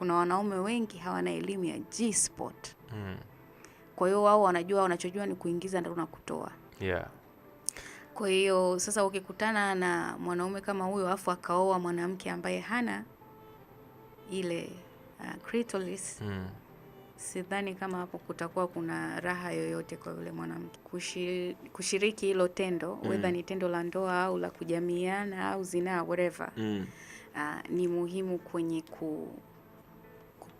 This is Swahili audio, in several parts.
kuna wanaume wengi hawana elimu ya G spot mm. Kwa hiyo wao wanajua, wanachojua ni kuingiza na kutoa yeah. Kwa hiyo sasa ukikutana na mwanaume kama huyo afu akaoa mwanamke ambaye hana ile uh, clitoris mm. Sidhani kama hapo kutakuwa kuna raha yoyote kwa yule mwanamke kushiriki, kushiriki hilo tendo mm. Whether ni tendo la ndoa au la kujamiana au zinaa whatever mm. Uh, ni muhimu kwenye ku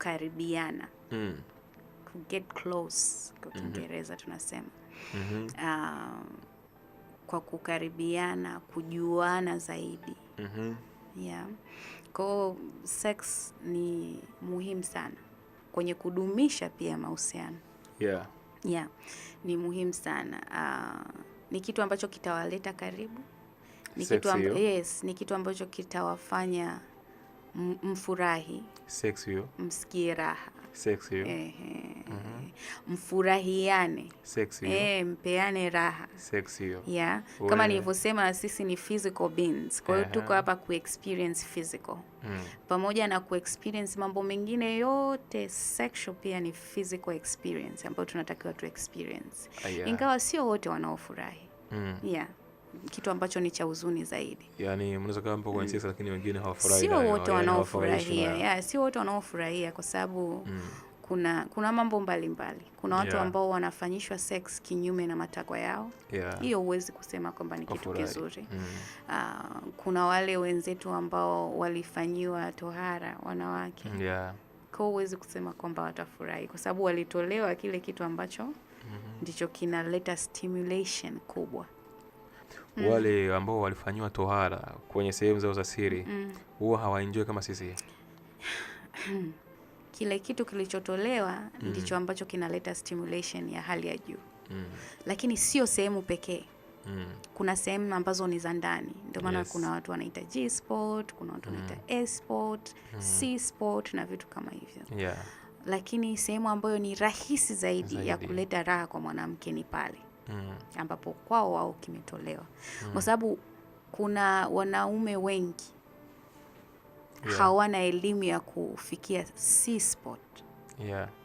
kukaribiana mm. Get close kwa mhm. Kiingereza mm -hmm. tunasema mm -hmm. uh, kwa kukaribiana, kujuana zaidi mm -hmm. yeah. Kwao sex ni muhimu sana kwenye kudumisha pia mahusiano yeah. yeah. ni muhimu sana uh, ni kitu ambacho kitawaleta karibu ni kitu, amb yes, ni kitu ambacho kitawafanya mfurahi sex hiyo, msikie raha sex hiyo, mhm. mfurahiane sex hiyo, eh, mpeane raha sex hiyo yeah. Kama nilivyosema sisi ni physical beings, kwa hiyo tuko hapa ku experience physical mm. Pamoja na ku experience mambo mengine yote, sexual pia ni physical experience ambayo tunatakiwa tu experience, ah, ingawa sio wote wanaofurahi mm. yeah kitu ambacho ni cha huzuni zaidi. Yani mnaweza kama mpo kwenye sex lakini wengine hawafurahi. Sio wote wanaofurahia. Yeah, sio wote wanaofurahia kwa sababu mm. Kuna, kuna mambo mbalimbali mbali. Kuna watu yeah. ambao wanafanyishwa sex kinyume na matakwa yao hiyo yeah. Huwezi kusema kwamba ni kitu kizuri mm. Uh, kuna wale wenzetu ambao walifanyiwa tohara wanawake yeah. Kwa huwezi kusema kwamba watafurahi kwa sababu walitolewa kile kitu ambacho mm -hmm. ndicho kinaleta stimulation kubwa mm. wale ambao walifanyiwa tohara kwenye sehemu zao za siri mm. huwa mm. hawaenjoi kama sisi kile kitu kilichotolewa mm. ndicho ambacho kinaleta stimulation ya hali ya juu mm. lakini sio sehemu pekee mm. kuna sehemu ambazo ni za ndani, ndio maana yes. kuna watu wanaita G sport kuna watu wanaita mm. A sport mm. C sport na vitu kama hivyo yeah. lakini sehemu ambayo ni rahisi zaidi, zaidi ya kuleta raha kwa mwanamke ni pale mm. ambapo kwao wao kimetolewa mm. kwa sababu kuna wanaume wengi yeah. hawana elimu ya kufikia C spot yeah.